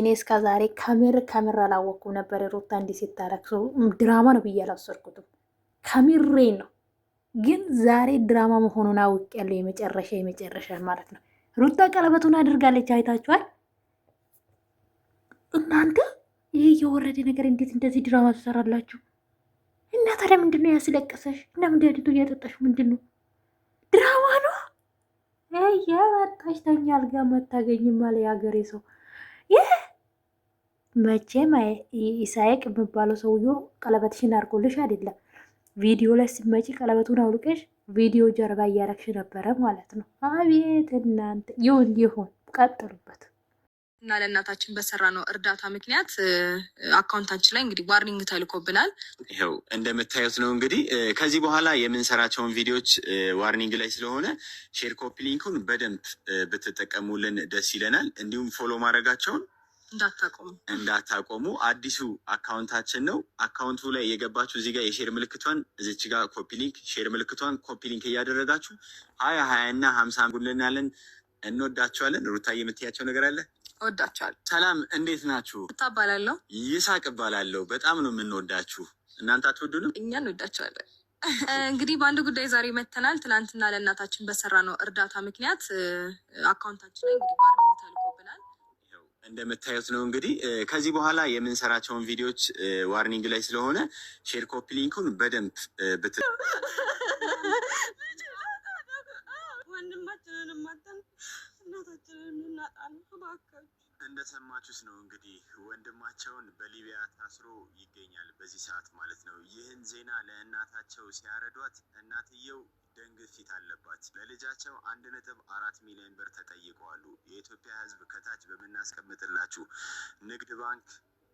እኔ እስከ ዛሬ ከምር ከምር አላወቅኩም ነበር። ሩታ እንዲህ ሲታረግ ድራማ ነው ብዬ አላሰርኩትም። ከምሬ ነው፣ ግን ዛሬ ድራማ መሆኑን ያለው የመጨረሻ የመጨረሻ ማለት ነው። ሩታ ቀለበቱን አድርጋለች፣ አይታችኋል እናንተ። ይህ የወረደ ነገር እንዴት እንደዚህ ድራማ ትሰራላችሁ? እና ታዲያ ምንድን ያስለቀሰሽ? እና ምንድን እያጠጣሽ ምንድን ነው ድራማ ነው የመጣሽ ተኛ አልጋ መታገኝም አለ የሀገሬ ሰው። ይህ መቼም ኢሳይቅ የሚባለው ሰውዮ ቀለበትሽን አድርጎልሽ አይደለም ቪዲዮ ላይ ሲመጪ ቀለበቱን አውልቀሽ ቪዲዮ ጀርባ እያረግሽ ነበረ ማለት ነው። አቤት እናንተ! ይሁን ይሁን፣ ቀጥሉበት። እና ለእናታችን በሰራ ነው እርዳታ ምክንያት አካውንታችን ላይ እንግዲህ ዋርኒንግ ተልኮብናል። ይኸው እንደምታዩት ነው እንግዲህ ከዚህ በኋላ የምንሰራቸውን ቪዲዮዎች ዋርኒንግ ላይ ስለሆነ ሼር ኮፒ ሊንኩን በደንብ ብትጠቀሙልን ደስ ይለናል። እንዲሁም ፎሎ ማድረጋቸውን እንዳታቆሙ እንዳታቆሙ። አዲሱ አካውንታችን ነው። አካውንቱ ላይ የገባችሁ እዚህ ጋር የሼር ምልክቷን እዚች ጋር ኮፒ ሊንክ፣ ሼር ምልክቷን ኮፒ ሊንክ እያደረጋችሁ ሀያ ሀያ እና ሀምሳ ጉልናለን። እንወዳቸዋለን። ሩታ የምትያቸው ነገር አለ? ወዳቸዋል። ሰላም፣ እንዴት ናችሁ? እባላለሁ ይሳቅ እባላለሁ። በጣም ነው የምንወዳችሁ። እናንተ አትወዱንም? እኛ እንወዳቸዋለን። እንግዲህ በአንድ ጉዳይ ዛሬ መተናል። ትናንትና ለእናታችን በሰራ ነው እርዳታ ምክንያት አካውንታችን ላይ እንግዲህ እንደምታዩት ነው እንግዲህ ከዚህ በኋላ የምንሰራቸውን ቪዲዮዎች ዋርኒንግ ላይ ስለሆነ ሼር ኮፒ ሊንኩን በደንብ ብት እንደሰማችሁት ነው እንግዲህ ወንድማቸውን በሊቢያ ታስሮ ይገኛል በዚህ ሰዓት ማለት ነው። ይህን ዜና ለእናታቸው ሲያረዷት እናትየው ደንግ ፊት አለባት። ለልጃቸው አንድ ነጥብ አራት ሚሊዮን ብር ተጠይቀዋሉ። የኢትዮጵያ ሕዝብ በምናስቀምጥላችሁ ንግድ ባንክ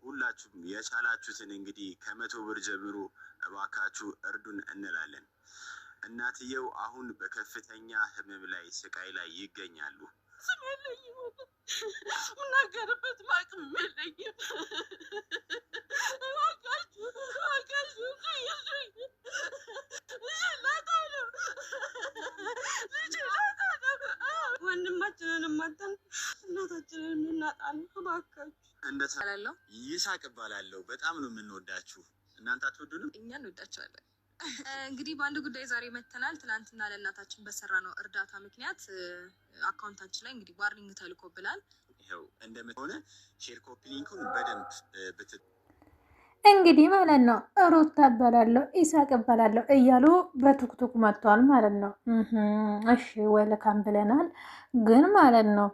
ሁላችሁም የቻላችሁትን እንግዲህ ከመቶ ብር ጀምሮ እባካችሁ እርዱን እንላለን። እናትየው አሁን በከፍተኛ ህመም ላይ ስቃይ ላይ ይገኛሉ። ምናገርበት ማቅም የለኝም። እባካችሁ። ይሳቅ እባላለሁ። በጣም ነው የምንወዳችሁ። እናንተ አትወዱንም፣ እኛ እንወዳችኋለን። እንግዲህ በአንድ ጉዳይ ዛሬ መተናል። ትናንትና ለእናታችን በሰራ ነው እርዳታ ምክንያት አካውንታችን ላይ እንግዲህ ዋርኒንግ ተልኮብናል። ይኸው እንደምትሆነ ሼር ኮፒ ሊንኩን በደንብ ብት እንግዲህ ማለት ነው ሩታ እባላለሁ ኢሳቅ እባላለሁ እያሉ በቱክቱክ መጥቷል ማለት ነው። እሺ ወልካም ብለናል ግን ማለት ነው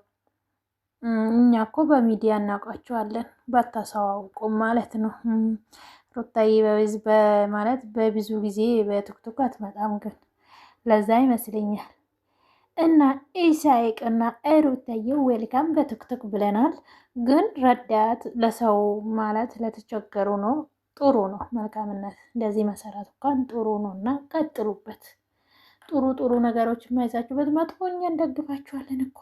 እኛ እኮ በሚዲያ እናውቃቸዋለን ባታሳውቁም ማለት ነው። ሩታዬ ማለት በብዙ ጊዜ በቲክቶክ አትመጣም፣ ግን ለዛ ይመስለኛል። እና ኢሳይቅና ሩታዬ ዌልካም በቲክቶክ ብለናል፣ ግን ረዳት ለሰው ማለት ለተቸገሩ ነው። ጥሩ ነው፣ መልካምነት እንደዚህ መሰራት እንኳን ጥሩ ነው። እና ቀጥሉበት። ጥሩ ጥሩ ነገሮች የማይዛችሁበት መጥፎ እኛ እንደግፋችኋለን እኮ